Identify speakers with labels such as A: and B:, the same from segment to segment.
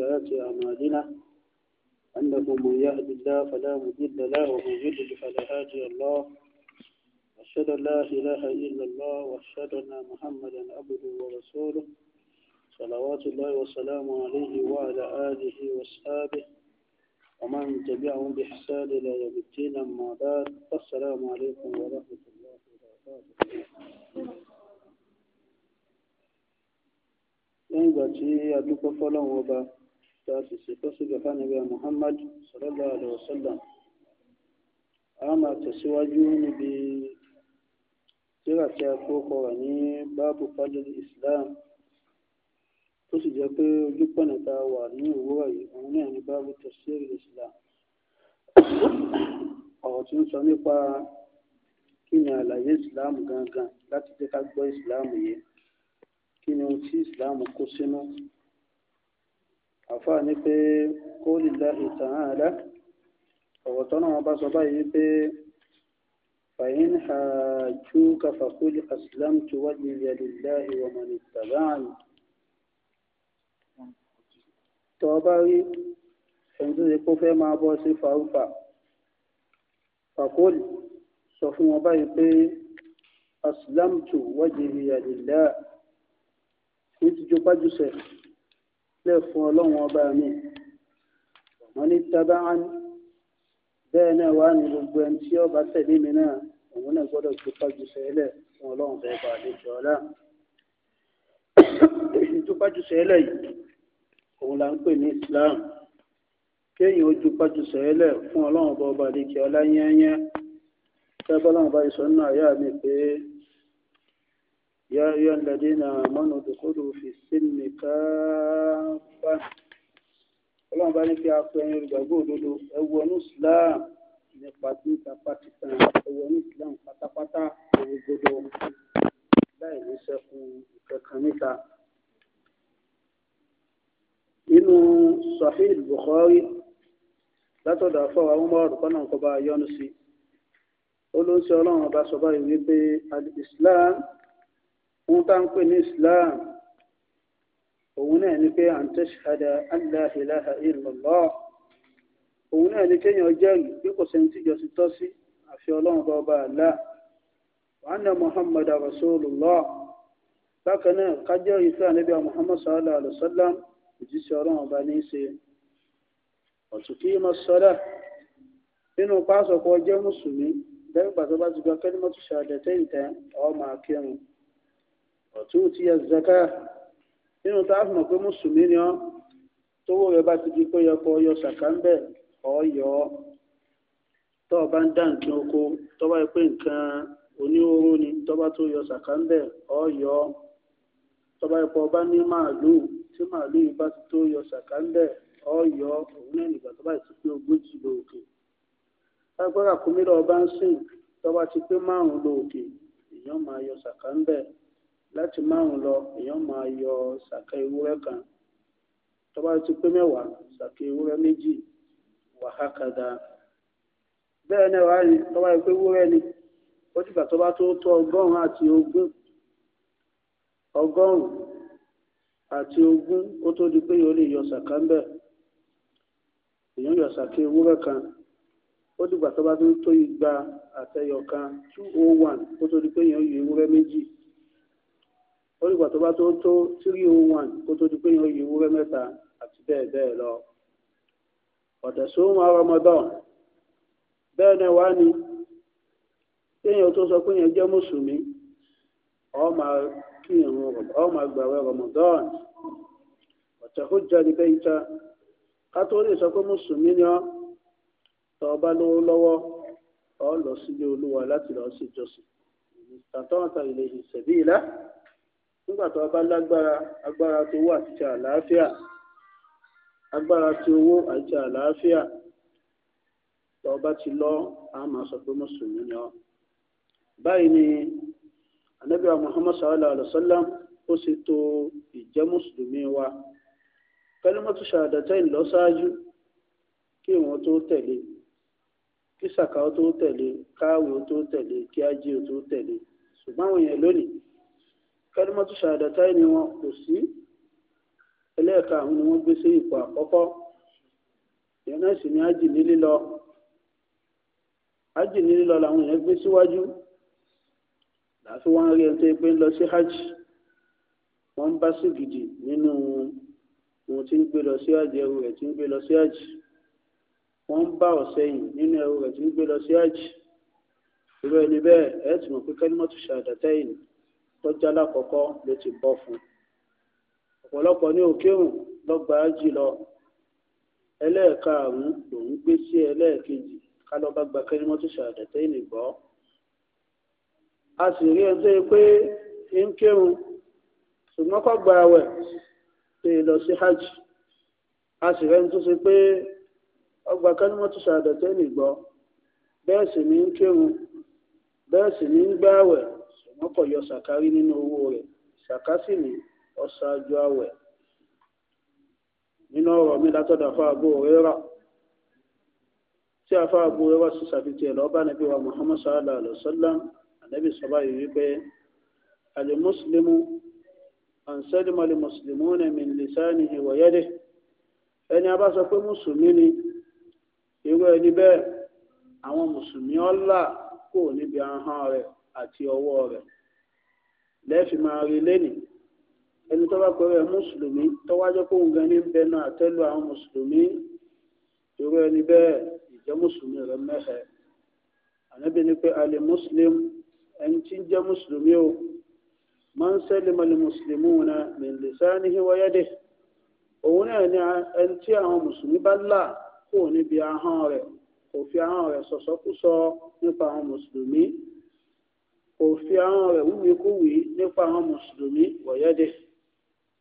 A: سيئات أعمالنا أنه من يهد الله فلا مضل له ومن يضلل فلا هادي الله أشهد أن لا إله إلا الله وأشهد أن محمدا عبده ورسوله صلوات الله وسلامه عليه وعلى آله وأصحابه ومن تبعهم بإحسان إلى يوم الدين أما بعد السلام عليكم ورحمة الله وبركاته lẹ́yìn tí fọ́lọ́run ọba tá a sì ṣe tó sì gbẹ̀fà níbi Muhammad sallallahu alaihi wasallam a máa tẹ̀síwájú níbi síra tí a kó kọ wà ní báàbù fájọ Islam tó sì jẹ́ pé ojú pọ̀nà tá a wà ní òwúrọ̀ yìí òun náà ní báàbù tẹ̀síìrì Islam ọ̀rọ̀ tí ń sọ nípa kí ni àlàyé Islam gangan láti jẹ́ ká gbọ́ Islam yìí kí ni ohun tí Islam kó sínú àfa ni pé qawlillahi ta'ala ọ̀rọ̀ tọ́nà wọn bá sọ báyìí pé fa'in hajjuka faqul aslamtu wajhiya lillahi wa man ittaba'ani tọ́ bá rí ẹni tó ṣe kó fẹ́ máa bọ́ sí farufa faqul sọ fún wọn báyìí pé aslamtu wajhiya lillahi ní ti jọpájúṣe lè fún ọlọ́run ọba mi wọ́n ní tábàán bẹ́ẹ̀ náà wà ní gbogbo ẹni tí ọba tẹ̀lé mi náà òun náà gbọ́dọ̀ tó fájú sẹ́lẹ̀ fún ọlọ́run bẹ́ẹ̀ bá àlejò ọ̀la èyí tó fájú sẹ́lẹ̀ yìí òun là ń pè ní Islam kéèyàn ó jupájú sẹ́lẹ̀ fún ọlọ́run bá ọba àlejò ọ̀la yẹ́nyẹ́ tẹ́bọ́lọ́run bá yìí àyà mi pé يا أيها الذين آمنوا دخلوا في السلم كافة ọlọ́run bá ní kí a pẹ́ ẹyin olùgbàgbọ́ òdodo ẹwọ ní islam nípa tí ìtapá ti tàn ẹwọ ní islam pátápátá ẹwọ gbọdọ láì ní sẹ́kùn ìkẹkàn níta. nínú sahih bukhari látọ̀dọ̀ àfọwọ́ àwọn ọmọ ọ̀rùn kọ́nà kọba yọ́nu sí i ó ló ń ṣe ọlọ́run ọba sọ báyìí wípé al fún táǹpẹ̀ ní islam òun náà ni pé an tashhada an la ilaha illallah òun náà ni kéèyàn jẹ́rìí bí kò sẹ́ni tíjọ sí tọ́ sí àfi ọlọ́run bá ọba àlá wa anna muhammadu rasulullah bákan náà kájẹ́rìí sí ànábì muhammad sallallahu alaihi wa sallam òjíṣẹ́ ọlọ́run ọba ní í ṣe ọ̀tùkí nínú mùsùlùmí bá ti gba kẹ́lí mọ́tò ọ̀túùtì ẹ̀zẹ̀ká nínú tá a fi pe pé mùsùlùmí ni ọ́ tówó rẹ bá ti di pé yọ sàkà ń yọ ọ bá ń dá nǹkan oko tọ́ bá yẹ pé nǹkan ni tọ́ bá tó yọ sàkà ń bẹ̀ yọ tọ́ ọba ní màálùú tí màálùú yìí bá ti tó yọ ń yọ òun náà nìgbà tó bá yẹ ti pé òkè ọba ń sìn tọ́ bá ti pé márùn-ún yọ sàkà ń láti márùn lọ èèyàn máa yọ sàkà ewúrẹ́ kan tọba bá ti pé mẹ́wàá sàkà ewúrẹ́ méjì wàhákàdá bẹ́ẹ̀ náà wá rí tó ìpé yẹ ni ó ti gbà tó tó tó ọgọ́rùn àti ogún ọgọ́rùn àti ogún ó tó di pé yóò lè yọ sàkà ń èèyàn yọ sàkà ewúrẹ́ kan ó dìgbà tó bá tó tó igba àtẹyọ kan two oh one ó tó di pé èèyàn yọ ewúrẹ́ méjì ó rí ìgbà tó bá tó tó three oh one kó tó di pé yẹn ó yí ewúrẹ́ àti bẹ́ẹ̀ bẹ́ẹ̀ lọ ọ̀tẹ̀ sóhun Ramadan bẹ́ẹ̀ náà wá ní téèyàn tó sọ pé yẹn jẹ́ mùsùlùmí ó máa kí ìrun ó máa gbààwẹ̀ Ramadan ọ̀tẹ̀ ó jáde bẹ́ẹ̀ ìta ká tó sọ pé mùsùlùmí ni ọ́ tọ́ ọ bá lówó lọ́wọ́ ọ lọ sílé olúwa láti lọ́ọ́ sí ìjọsìn ìtàtọ́ àtàlẹ́ ìṣẹ̀bí ìlà nígbà tó a bá lágbára agbára tó wà àti àlàáfíà agbára tí owó àti àlàáfíà tó bá ti lọ a máa sọ pé mùsùlùmí ni ọ báyìí ni anabi muhammad sallallahu alaihi wa sallam ó sì tò ìjẹ́ mùsùlùmí wa kalimatu shahadatain lọ ṣáájú kí ìwọ̀n tó tẹ̀lé kí sàkà ó tó tẹ̀lé káàwé ó tó tẹ̀lé kí ajé ó tó tẹ̀lé ṣùgbọ́n àwọn èèyàn lónìí kẹ́límọ́tò ṣàdàtáì ni wọn kò sí ẹlẹ́ẹ̀ka àwọn ni wọ́n gbé sí ipò àkọ́kọ́ ìyẹn náà sì ni ájì ní lílọ ájì ní lílọ làwọn èèyàn gbé síwájú láti wọn rí ẹni lọ sí hajj wọn ń bá sí gidi nínú ohun hajj ẹrù ti ń hajj wọn ń bá ọ̀sẹ̀ yìí nínú ẹrù hajj irú ẹni bẹ́ẹ̀ ẹ̀ mọ̀ pé tọ́jà kọkọ ló ti bọ fún ọpọlọpọ ní òkèhùn lọ́gbà ájì lọ ẹlẹ́ẹ̀karùn lòún gbé sí ẹlẹ́ẹ̀kejì kálọ́ba gba kẹ́rìmọ́tò ṣàdẹ̀tẹ́ ìnìgbọ́ a sì rí pé ń kírun gba hajj a sì rẹ́ni tó ṣe pé ọgbà kẹ́rìmọ́tò ṣàdẹ̀tẹ́ ìnìgbọ́ bẹ́ẹ̀ sì ní ń kírun sì ní ń wọn kò yọ sàkárí nínú owó rẹ̀ sàkásì ní ọ̀ṣáájú àwẹ̀ nínú ọ̀rọ̀ mi látọ̀dọ̀ afáàgbò rírà tí afáàgbò rírà sì ṣàfihàn lọ́ba nàbí wa muhammad sallallahu alayhi wa sallam ànábì sọ báyìí wípé alimuslimu ansalima alimuslimu ní min lisanihi wa yadihi ẹni a bá sọ pé mùsùlùmí ni irú ẹni bẹ́ẹ̀ àwọn mùsùlùmí ọ̀la kò níbi ahọ́n rẹ̀ àti ọwọ́ rẹ̀ lẹ́ẹ̀fì máa rí lẹ́nìí ẹni tó bá pẹ̀rẹ̀ mùsùlùmí tó wá jẹ́ kóun gan ní bẹnu àtẹ́lu àwọn mùsùlùmí irú ẹni bẹ́ẹ̀ ìjẹ́ mùsùlùmí rẹ̀ mẹ́hẹ̀ ànábì ni pé alẹ́ mùsùlùm ẹni tí ń jẹ́ mùsùlùmí o máa ń sẹ́lẹ̀ mọ́lẹ̀ mùsùlùmí wọn min lisanihi wa yadihi òun náà ni ẹni tí àwọn mùsùlùmí bá là kó níbi ahọ́n rẹ̀ kò fi ahọ́n rẹ̀ sọ̀sọ́kúsọ nípa àwọn mùsùlùmí kò fi ahọ́n rẹ̀ wíwèékúwèé nípa àwọn mùsùlùmí wọ̀yẹ́dẹ̀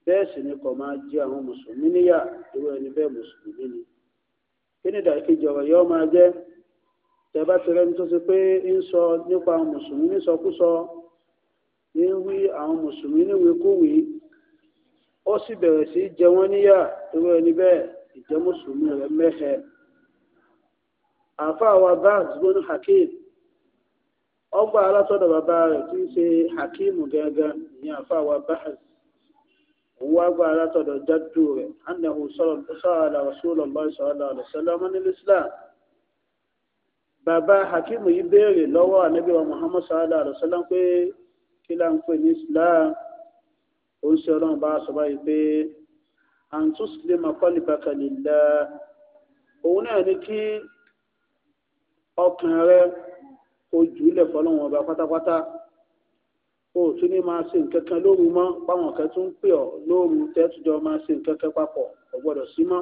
A: bẹ́ẹ̀ sì ni kò máa jẹ àwọn mùsùlùmí níyà irú ẹni bẹ́ẹ̀ mùsùlùmí ni kí ni ìdàkejì ọ̀rọ̀ yóò máa jẹ́ tẹ́bá ti rẹ́ni tó ṣe pé ń sọ nípa àwọn mùsùlùmí nísọkúsọ ní wí àwọn mùsùlùmí níwèékúwèé ó sì bẹ̀rẹ̀ sí jẹ wọ́n níyà irú ẹni bẹ́ẹ̀ ìjẹ́ mùsùlùmí rẹ̀ ọgbà alásọ̀dọ̀ bàbá rẹ̀ tí í ṣe hakeemu gángan ìyẹn àfàwà bahas òun wá gbà alásọ̀dọ̀ jádù rẹ̀ anahu sọ̀rọ̀ rasulullah sallallahu alaihi wasallam ní islam bàbá hakeemu yìí béèrè lọ́wọ́ anabi wa muhammad sallallahu alaihi wasallam pé kí là ń pè ní islam ó ń ṣe ọlọ́run bá sọ báyìí pé an tuslima qalbaka lillah òun náà ní kí ọkàn rẹ̀ kó jù ú lẹ̀ fọlọ́wọn ọba pátápátá o ò tún ní máa ṣe nǹkan kan lóru mọ́ báwọn kan tún ń pè ọ́ lóru tẹ́tùjọ́ máa ṣe nǹkan kan papọ̀ ò gbọ́dọ̀ sí mọ́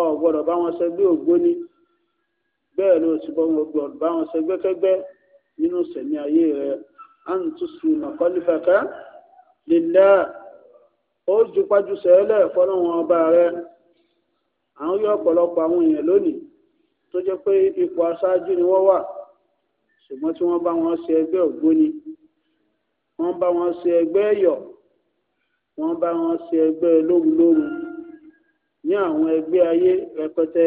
A: ò gbọ́dọ̀ bá wọn ṣẹgbẹ́ ògbóni bẹ́ẹ̀ ló sì bọ́ wọn gbọ́dọ̀ bá wọn ṣẹgbẹ́ kẹ́gbẹ́ nínú sẹ̀mí ayé rẹ à ń tún sùn nàkọ́lífàkà lílá ó ju pájú sẹ́lẹ̀ fọlọ́wọn ọba rẹ à ń rí ọ̀pọ̀lọpọ̀ àwọn èèyàn lónìí tó jẹ́ pé ipò aṣáájú ni wọ́n wà ṣùgbọ́n tí wọ́n bá wọn ṣe ẹgbẹ́ ògbóni wọ́n bá wọn ṣe ẹgbẹ́ ẹ̀yọ̀ wọ́n bá wọn ṣe ẹgbẹ́ lóhùnlóhùn ní àwọn ẹgbẹ́ ayé rẹpẹtẹ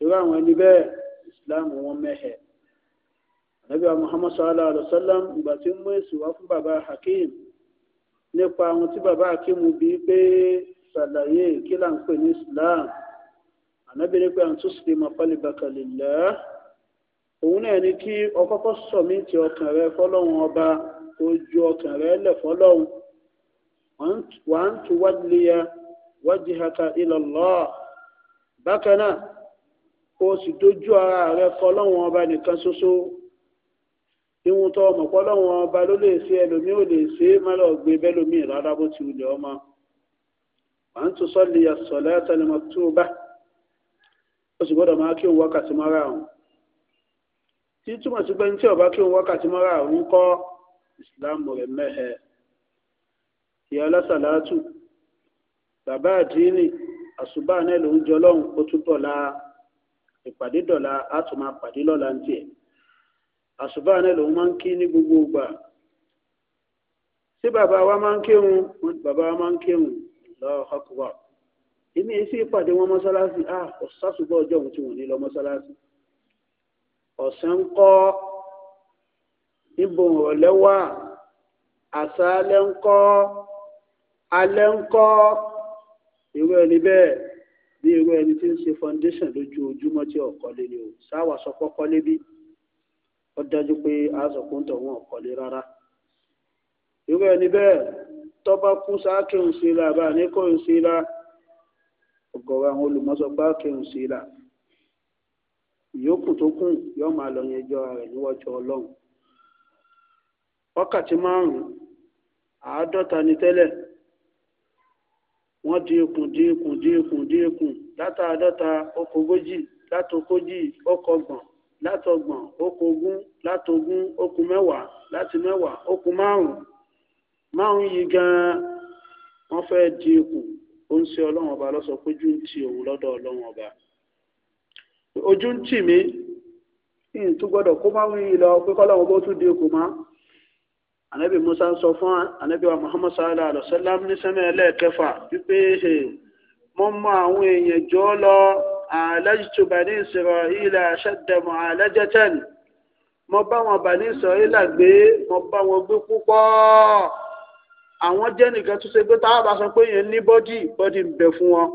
A: irú àwọn ẹni bẹ́ẹ̀ ìsìláàmù wọn mẹ́hẹ̀ ànábì wa muhammad sallallahu alayhi wa sallam ìgbà tí ń mú èsì wá fún bàbá hakeem nípa àwọn tí bàbá hakeem bí pé ṣàlàyé kí là ń pè ní islam ànábì ní pé à ń tún sílẹ̀ mọ́ pálí bàkàlì lẹ́ẹ̀ òun náà ni kí ọkọkọ sọmí ti ọkàn rẹ fọlọ́run ọba tó ju ọkàn rẹ lẹ̀ fọlọ́run wà á ń tu wájúléya wajhaka ila Allah bákan náà kó o sì dojú ara rẹ fọlọ́run ọba nìkan ṣoṣo ìwọ̀n tó ọmọ fọlọ́run ọba ló lè ṣe ẹlòmíì ò lè ṣe é má lọ gbé bẹ́lòmíì rárá bó ti wulẹ̀ ọmọ wà á ń tu sọ́ọ̀lì yasọ̀lẹ́ tẹlẹmọ́tò bá o sì gbọ́dọ̀ máa kí òun wákàtí mọ́ra ọ̀hún tí túmọ̀ sí pé ní tí ọba kí òun wákàtí mọ́ra òun kọ́ ìsìláàmù rẹ̀ mẹ́hẹ ìyá ọlásàlátù bàbá àdínì àṣùbà náà lòún jọ lọ́hùn ó tún dọ̀la ìpàdé dọ̀la á tún máa pàdé lọ́la ń tiẹ̀ àṣùbà náà lòún máa ń kí ní gbogbo ìgbà tí bàbá wa máa ń kírun bàbá wa máa ń kírun lọ́ọ́ ọkùnrin èmi èsì ìpàdé wọn mọ́sálásí à ah, ọ̀sásùgbọ́ ọjọ́ òun tí wọ́n ní lọ mọ́sálásí. ọ̀sán ń kọ́ ibò ìrọ̀lẹ́ wà àṣálẹ́ ń kọ́ alẹ́ irú ẹni bẹ́ẹ̀ bí irú ẹni tí ń ṣe foundation lójoojúmọ́ tí ọ̀kọ́lé ni o sáwà sọ pọ́kọ́lé bí ó dájú pé aṣọ̀kúntọ̀ wọn ọ̀kọ́lé rárá irú ẹni bẹ́ẹ̀ tọ́ba kú sáà la a ní kó ń la ọ̀gọ̀rọ̀ àwọn bá la. ìyókù tó kù yóò máa lọ yanjú ara rẹ̀ níwájú wákàtí márùn-ún ni tẹ́lẹ̀ wọ́n dín ikùn dín ikùn dín ikùn dín ikùn látàádọ́ta okòógójì látòógójì okòógbọ̀n látọgbọ̀n okòógún látogún okùn mẹ́wàá láti mẹ́wàá okùn márùn-ún márùn-ún yìí gan-an wọ́n fẹ́ẹ́ ikùn ó ń ṣe ọlọ́run ọba lọ́sọ pé ti òun lọ́dọ̀ ọlọ́run ọba ojú ń tì mí ìtú gbọ́dọ̀ kó má wíyìn lọ pé kọ́lọ́wọ́ bó tún di okùn mọ́ anabi musa sọ fún anabi wa muhammad sallallahu alaihi wa sallam ní sẹ́mi ẹlẹ́ẹ̀kẹfà wípé mo mọ àwọn èèyàn jọ lọ àlájútu bani isra'ila ashadda mu'alajatan mo bá wọn bani isra'ila gbé mo bá wọn gbé púpọ̀ àwọn jẹ́ nìkan tó ṣe pé táwọn bá sọ pé yẹn ní bọ́dì bọ́dì ń bẹ fún wọn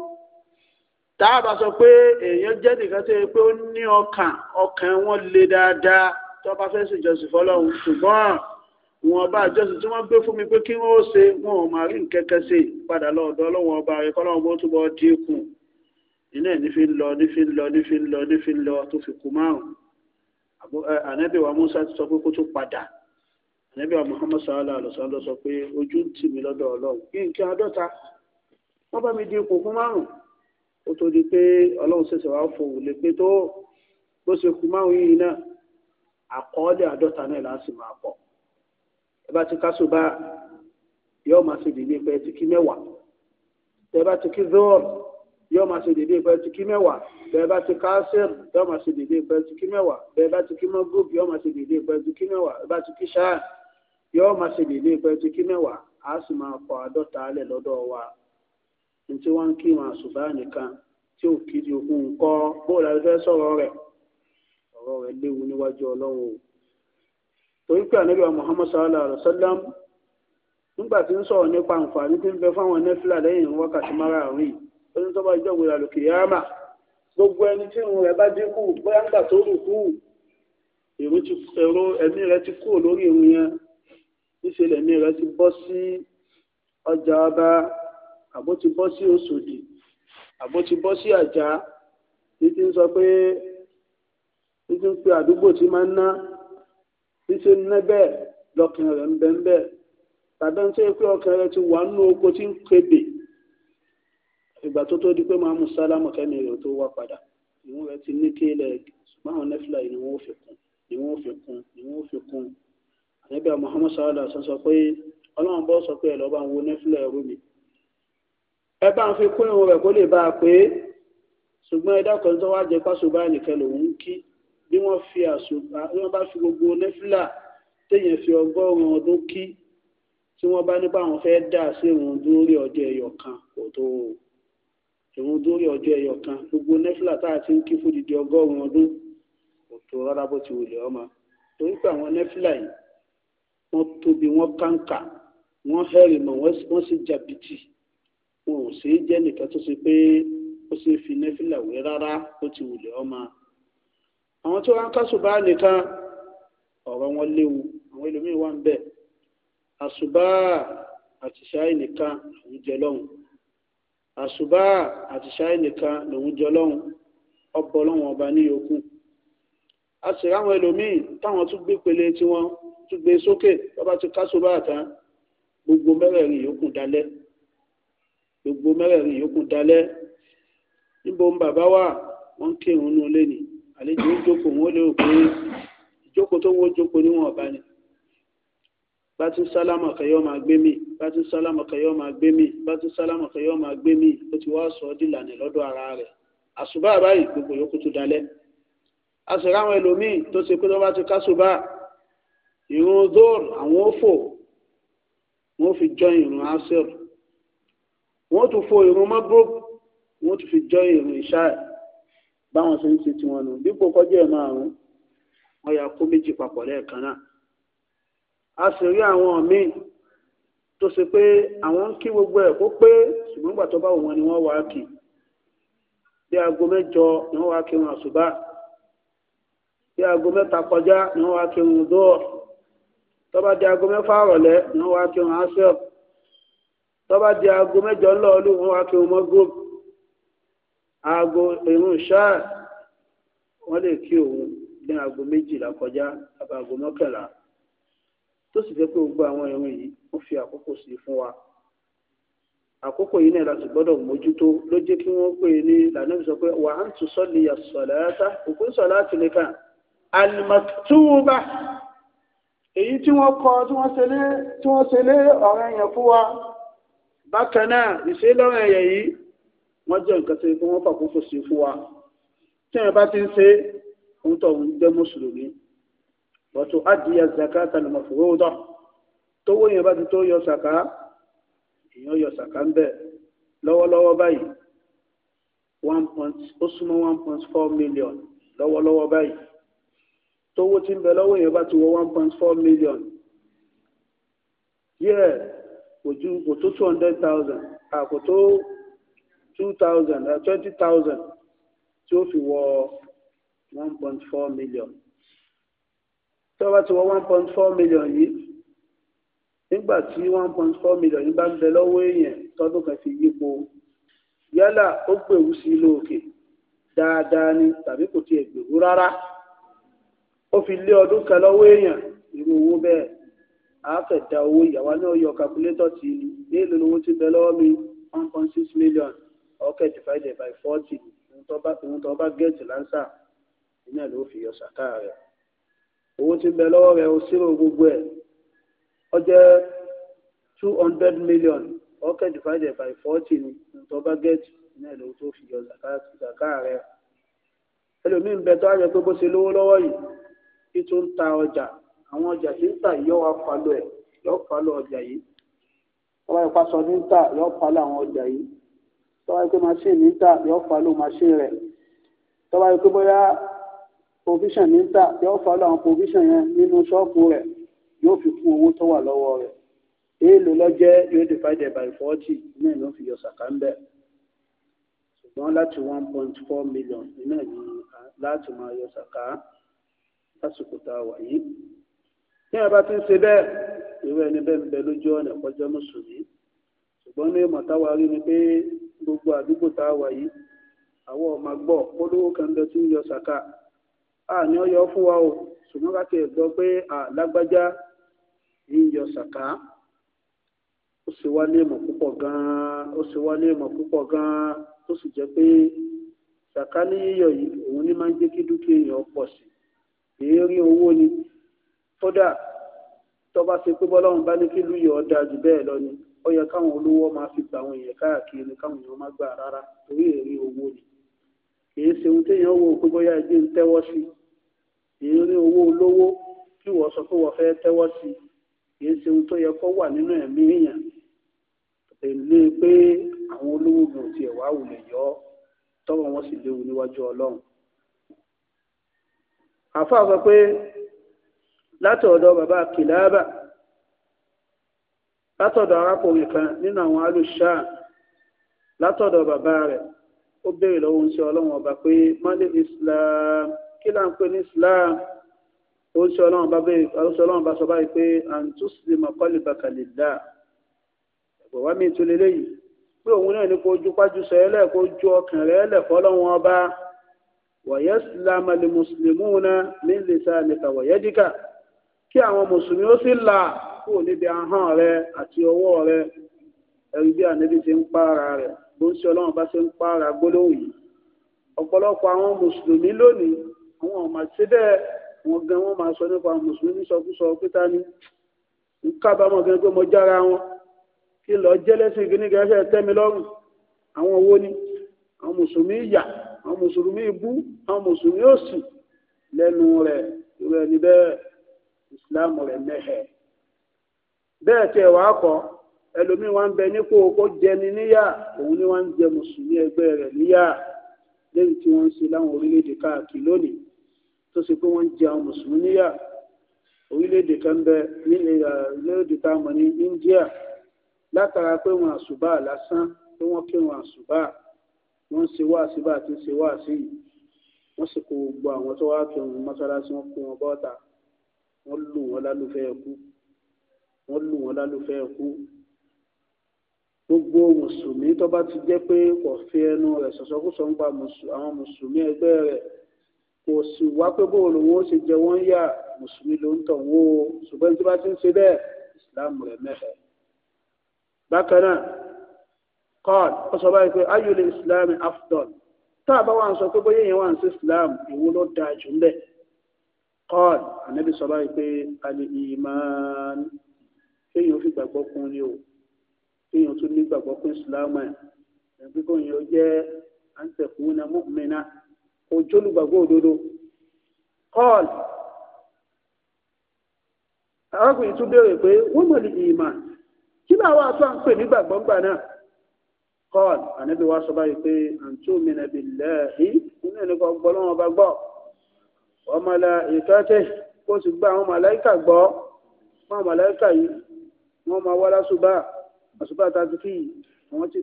A: táàbà sọ pé èèyàn jẹ́ nìkan tó yẹ pé ó ní ọkàn ọkàn wọn le dáadáa tó bá fẹ́ ṣèjọsìn fọlọ́run ṣùgbọ́n wọn ọba àjọsìn tí wọ́n gbé fún mi pé kí wọ́n ó ṣe wọn ò máa rí nkẹ́kẹ́ sí padà lọ́ọ̀dọ́ ọlọ́wọ́n ọba rẹ kọ́lọ́wọ́n bó túbọ̀ dínkù iná ẹ̀ nífi ń lọ nífi ń lọ nífi ń lọ nífi ń lọ tó fi kú márùn-ún Musa ti sọ pé kó tún padà ànábì Muhammad sallallahu alaihi wasallam sọ pé ojú ń tì mí lọ́dọ̀ ọlọ́run kí n kí adọ́ta wọ́n bá mi dínkù kú márùn-ún ó tó di pé ọlọ́run ṣẹ̀ṣẹ̀ wá fò lè pé tó bó ṣe kú máa ń yí iná àkọọ́lẹ̀ àádọ́ta náà láti máa pọ̀ ẹ bá ti kásù bá yóò máa ṣe dèdè pé ti kí mẹ́wàá tẹ bá ti kí zọ́ọ̀r yóò máa ṣe dèdè pé ti kí mẹ́wàá tẹ bá ti káṣẹ́r yóò máa ṣe dèdè pé ti kí mẹ́wàá tẹ bá ti kí mọ́gòb yóò máa ṣe dèdè pé ti kí mẹ́wàá tẹ bá ti kí ṣáà yóò máa ṣe dèdè pé ti kí mẹ́wàá a sì máa pọ̀ àádọ́ta alẹ́ lọ́dọ̀ wa ntí wọ́n ń kí wọn àṣùbá nìkan tí ò kí di ogun nǹkan bóò la fẹ́ sọ̀rọ̀ rẹ̀ ọ̀rọ̀ rẹ̀ léwu níwájú ọlọ́run o torí pé ànábì wa muhammad sallallahu alayhi wa sallam nígbà tí ń sọ̀rọ̀ nípa àǹfààní tí ń bẹ fáwọn nẹ́fìlà lẹ́yìn wákàtí márààrún yìí ó ní tọ́ba ìjọba ìrànlọ́kì yáàmà gbogbo ẹni tí irun rẹ̀ bá dínkù bóyá nígbà tó rù kú èrò ẹ̀mí rẹ̀ ti kúrò lórí irun yẹn níṣẹ́ lẹ̀mí rẹ̀ ti bọ́ sí ọjà ọba àbó ti bọ́ sí Òṣòdì àbó ti bọ́ sí Àjà títí ń sọ pé títí ń pe àdúgbò tí máa ń ná títí ń ná bẹ́ẹ̀ lọ́kàn rẹ̀ ń bẹ́ ń bẹ́ẹ̀ tàbí ń sẹ́yìn pé ọkàn rẹ̀ ti wà nínú oko tí ń kébè ìgbà tó tó di pé máa mú sálámù kẹ́mi rẹ̀ tó wá padà ìwọ̀n rẹ̀ ti ní kéèlẹ̀ ṣùgbọ́n àwọn nẹ́fìlà yìí ni wọ́n fi kún ni wọ́n fi kún ni wọ́n fi kún àníbẹ̀ Muhammad sallallahu alaihi wasallam sọ pé ọlọ́run bọ́ sọ pé ẹ̀ lọ́ba ń wo nẹ́fìlà ẹ̀rú mi ẹ bá ń fi kún ìrun rẹ̀ kó lè bá a pé ṣùgbọ́n ẹ dákọ̀ tó wá jẹ pásùbà nìkan lòun ń kí bí wọ́n fi àṣùbà bí wọ́n bá fi gbogbo nẹ́fìlà téèyàn fi ọgọ́rùn-ún ọdún kí tí wọ́n bá ní báwọn fẹ́ dà sí ìrun dórí ọjọ́ ẹyọ kan kò tó o ìrun dórí ọjọ́ ẹyọ kan gbogbo nẹ́fìlà tá a ti ń kí fún didi ọgọ́rùn-ún ọdún kò tó rárá bó ti wùlẹ̀ ọmọ torí pé àwọn nẹ́fìlà yìí wọ́n tóbi wọ́n kàǹkà wọ́n hẹ́rìmọ̀ wọ́n sì jàbìtì o ò ṣe é jẹ́ nìkan tó ṣe pé ó ṣe fi nẹ́fìlà wé rárá ó ti wùlẹ̀ ọmọ àwọn tí wọ́n kásù bá nìkan ọ̀rọ̀ wọn léwu àwọn ẹlòmíín wà ń bẹ̀ àṣùbà àti ṣáì nìkan lòún jẹ lọ́hùn àṣùbà àti ṣáì nìkan lòún jẹ lọ́hùn ọbọ̀ lọ́hùn ọba ní a sì ráwọn ẹlòmíín táwọn tún gbé pele tiwọn tún gbé e sókè bàbá ti kásù bá gbogbo mẹ́rẹ̀ẹ̀rin yòókù dalẹ́ gbogbo mẹ́rẹ̀ẹ̀rin yòókù dalẹ́ níbo ń bàbá wà wọ́n ń ké ìrun nú ilé ni àlejò ń jókòó wọn lérò pé ìjókòó tó wọ́n jókòó níwọ̀n ọ̀bá ni bátú sálámà kẹyọ́ máa gbé mi bátú sálámà kẹyọ́ máa gbé mi bátú sálámà kẹyọ́ máa gbé mi ó ti wá sọ ọ́ dìlànà lọ́dọ̀ ara rẹ̀ àṣùbà báyìí gbogbo yòókù tó dalẹ́ a sì ẹlòmíì tó ṣe pé tó ti kásùbà ìrun dóòr àwọn ó fò wọn fi jọ ìrun asẹ́rù wọ́n tún fo ìrun magrib wọ́n tún fi jọ ìrun ìṣáà báwọn ṣe ń ṣe tiwọn nù dípò kọjá ẹ̀ máa ún wọ́n yà kó méjì papọ̀ lẹ́ẹ̀kan náà a sì rí àwọn míì tó ṣe pé àwọn ń kí gbogbo ẹ̀ kó pé ṣùgbọ́n gbà tó bá ni wọ́n wá kì bí aago mẹ́jọ ni wọ́n wá kí wọn àṣùbà bí aago mẹ́ta kọjá ni wọ́n wá kí wọn dọ́ọ̀ di aago mẹ́fà rọ̀lẹ́ ni wọ́n tọ́ba di aago mẹ́jọ lọ́ọ́lù wọn wá kí wọn mọ́ group aago irun ṣáà wọ́n lè kí òun ní aago méjìlá kọjá àbá aago mọ́kànlá tó sì jẹ́ pé gbogbo àwọn irun yìí wọ́n fi àkókò sí fún wa àkókò yìí náà láti gbọ́dọ̀ mójútó ló jẹ́ kí wọ́n pè ní lànàmì sọ pé wà á ń tún sọ́ọ̀lì àsọ̀láta òpin sọ̀lá àtìlẹ́kà alimaktuba èyí tí wọ́n kọ tí wọ́n ṣe lé ọ̀rẹ́ yẹn fún wa bákan náà ìṣelọ́rùn ẹ̀yẹ yìí wọ́n jẹ́ nǹkan tó yẹ kí wọ́n fàkófò sí fún wa tí wọ́n bá ti ń ṣe ohun tó ń jẹ́ mùsùlùmí wọ́tò adìyẹ zakata lọ́mọ fòwòdọ́ tówó yẹn bá ti tó yọ sàká èèyàn yọ sàká ń bẹ̀ lọ́wọ́lọ́wọ́ báyìí one point ó súnmọ́ one point four million lọ́wọ́lọ́wọ́ báyìí tówó tí ń bẹ lọ́wọ́ yẹn bá ti wọ one point four million yẹ́ẹ̀. Yeah kò two hundred thousand kò two thousand twenty thousand tí ó fi wọ one point four million tí wọ́n bá ti wọ one point four million yìí nígbà tí one point four million yìí bá ń bẹ lọ́wọ́ èèyàn tọ́dún kan fi yípo yálà ó gbèrú sí lóòkè dáadáa ni tàbí kò tiẹ̀ gbèrú rárá ó fi lé ọdún kan lọ́wọ́ èèyàn irú owó bẹ́ẹ̀ àákẹ́dá owó ìyàwó náà yọ calculator ti ní èlò owó ti bẹ lọ́wọ́ mi one point six million ọkẹ́ divided by forty ohun tó bá gẹ̀ẹ́tì lánsà iná ló fi yọ sàkà rẹ̀ owó ti bẹ lọ́wọ́ rẹ̀ o ṣírò gbogbo ẹ̀ ọ jẹ́ two hundred million divided by forty ohun tó bá gẹ̀ẹ́tì iná ló yọ sàkà rẹ̀ ẹlòmíín bẹ tó pé bó ṣe lówó lọ́wọ́ yìí kí àwọn ọjà tí ń tà yọ wá falọ ẹ yọ falọ ọjà yìí tọ́wá ipa sọ ní ń tà yọ falo àwọn ọjà yìí tọ́wá ipa machine ní ń tà yọ falọ machine rẹ̀ tọ́wá ipa bóyá provision ní ń tà yọ falọ àwọn provision yẹn nínú ṣọ́ọ̀bù rẹ̀ yóò fi kún owó tó wà lọ́wọ́ rẹ̀ èèlò lọ́jẹ́ yóò divided by forty náà ló fi yọ sàkà ń bẹ̀ ṣùgbọ́n láti one point four million náà ni láti máa yọ sàkà lásìkò tá a wà yìí tí wọn bá ti ń ṣe bẹ́ẹ̀ ìwé ẹni bẹ́ẹ̀ ń bẹ lójú ọ̀nà kọjá mùsùlùmí ṣùgbọ́n ní ìmọ̀ táwa rí ni pé gbogbo àdúgbò tá a wà yìí àwọn ọmọ gbọ́ polówó kan lọ sí yọ sàkà àní ọyọ fún wa o ṣùgbọ́n ká tiẹ̀ gbọ́ pé àlágbájá ń yọ sàkà ó sì wá ní ìmọ̀ púpọ̀ gan-an ó sì wá ní ìmọ̀ púpọ̀ gan-an tó sì jẹ́ pé sàkà ní yíyọ yìí òun ní máa ń jẹ́ kí dúkìá èèyàn pọ̀ sí èérí owó ni kódà tọba ṣe pé bọ́lọ́run bá ní kí ìlú yìí ọ̀dà bẹ́ẹ̀ lọ ni ó yẹ káwọn olówó máa fi gba àwọn èèyàn káàkiri káwọn èèyàn má gbà rárá torí èrè owó ni èyí ṣe ohun téèyàn wò pé bóyá ẹgbẹ́ ń sí èyí rí owó olówó kí wọ́n sọ pé wọ́n fẹ́ tẹ́wọ́ sí èyí ṣe ohun yẹ kó wà nínú ẹ̀mí èèyàn èlé àwọn olówó wulẹ̀ látọ̀dọ̀ bàbá kìláàbà látọ̀dọ̀ arákùnrin kan nínú àwọn alùsà látọ̀dọ̀ bàbá rẹ̀ ó béèrè lọ́wọ́ ń ṣe ọlọ́run ọba pé mọ́lẹ̀ islam kí là ń pè ní islam ó ń ṣe ọlọ́run bá béèrè ó ń ṣe ọlọ́run bá sọ báyìí pé àǹtúsí mọ̀kọ́lì bàkàlẹ̀ dà ẹ̀gbọ́n wá mi ìtúlé léyìí pé òun náà ní kó ojú pájú sọ ẹ́ lẹ́ẹ̀kó ju ọkàn rẹ̀ lẹ́ẹ̀kọ́ ọlọ́run mùsùlùmí náà ní lè sáà nìkan wọ̀yẹ́díkà kí àwọn mùsùlùmí ó sì là kó o níbi ahọ́n rẹ àti ọwọ́ rẹ ẹ̀rí bí ànábì ti ń pààrà rẹ̀ bó ń ṣe ọlọ́run bá ṣe ń pààrà gbólóhùn yìí ọ̀pọ̀lọpọ̀ àwọn mùsùlùmí lónìí àwọn ọ̀mà síbẹ̀ wọn gan wọn máa sọ nípa mùsùlùmí sọkúsọ pété ni ń kábàámọ̀ gan pé mo jára wọn kí lọ jẹ́lẹ́sìn gíní gẹ́gẹ́ tẹ́mi lọ́rùn àwọn owó ni àwọn mùsùlùmí yà àwọn mùsùlùmí ibú àwọn mùsùlùmí òsì lẹ́nu rẹ̀ irú ẹni bẹ́ẹ̀ ìsìláàmù rẹ̀ mẹ́hẹ̀. bẹ́ẹ̀ tẹ̀ wàá kọ́ ẹlòmíín wá ń bẹ nípò kó jẹni níyà òun ni wọ́n ń jẹ mùsùlùmí ẹgbẹ́ rẹ̀ níyà lẹ́yìn tí wọ́n ń ṣe láwọn orílẹ̀ káàkiri lónìí tó ṣe pé wọ́n ń jẹ àwọn mùsùlùmí níyà orílẹ̀ kan bẹ nílẹ̀-èdè tá a ní India látara pé wọn àṣùbà lásán pé wọ́n kírun àṣùbà wọ́n ń ṣe wáàsí bá a ti ń ṣe wáàsí yìí wọ́n sì kó gbogbo àwọn tó wá kírun mọ́ṣáláṣí wọn kó wọn bọ́ta wọ́n lù wọ́n lálùfẹ́ ẹkú wọ́n lù wọ́n lálùfẹ́ ẹkú gbogbo mùsùlùmí tó bá ti jẹ́ pé kò fi ẹnu rẹ̀ sọ̀sọ́kùsọ ń gba àwọn mùsùlùmí ẹgbẹ́ rẹ̀ kò sì wá pé bóun lòun ó ṣe jẹ wọ́n yà mùsùlùmí ló ń tàn wó o ṣùgbọ́n tí bá ti ń ṣe bẹ́ẹ̀ ìsìláàmù rẹ̀ mẹ́fẹ̀ẹ́. bákan náà kọ́ọ̀d ó sọ báyìí pé ayọ̀lẹ̀ ìsìláàmù afdọ́n tá a bá wà ń sọ pé bóyá ìyẹn wà ń ṣe ìsìláàmù ìwúlò dáa jù ń bẹ́ẹ̀ kọ́ọ̀d ànábì sọ báyìí pé àlè ìmán kéèyàn fi gbàgbọ́ kún ni o kéèyàn tún ní gbàgbọ́ kún ìsìláàmù ẹ̀ ẹ̀bí kò yẹn ó jẹ́ àǹtẹ̀kùnúnà mọ́kùnmẹ́nà ojú olùgbàgbọ́ òdodo kọ́ọ̀d arákùnrin tún béèrè pé wọ́n mọ̀ ní ìmán kí làwọn àtúntò à ń pè ní gbàgbọ́ngbà náà kọ́ọ̀d ànábì wa sọ báyìí pé àǹtí òmìnira bìlẹ̀ yìí nínú ẹni kan gbọ́ lọ́wọ́ bá gbọ́ ọmọlá ìtọ́tẹ̀ kó sì gba àwọn màláìkà gbọ́ fún àwọn màláìkà yìí wọ́n máa wá lásùbà àsùbà tàbí kí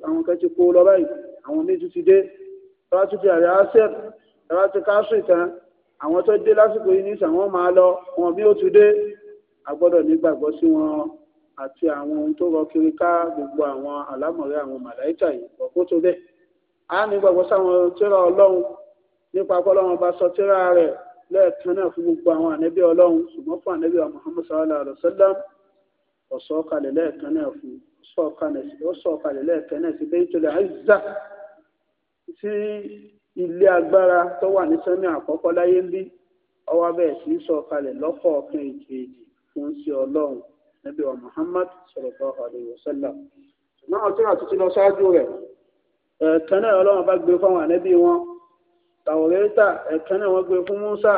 A: àwọn kan ti kó lọ báyìí àwọn méjì ti dé tọ́wá ti fi àrẹ asep tọ́wá ti káṣù ìtàn àwọn tó dé lásìkò yìí nísà wọ́n máa lọ wọn bí ó ti dé a gbọ́dọ̀ nígbàgbọ́ sí wọn àti àwọn ohun tó rọ kiri ká gbogbo àwọn àlámọ̀rẹ́ àwọn màláìkà yìí ọ̀pọ̀ tó bẹ́ẹ̀ á nígbàgbọ́ sáwọn tíra ọlọ́run nípa kọ́lọ́run bá sọ tíra rẹ̀ lẹ́ẹ̀kan náà fún gbogbo àwọn ànábì ọlọ́run ṣùgbọ́n fún ànábì wa muhammad sallallahu alayhi wa sallam ọ̀sọ̀ọ̀kalẹ̀ lẹ́ẹ̀kan náà fún ọ̀sọ̀ọ̀kalẹ̀ lẹ́ẹ̀kan náà sí baitul izza sí ilé agbára tó wà ní sẹ́mi àkọ́kọ́ láyé ń bí ọwọ́ bẹ́ẹ̀ sí fún sí muhammad sallallahu alayhi wa sallam ṣùgbọ́n tàwọ̀rẹ́tà ẹ̀kan náà wọ́n gbé fún Musa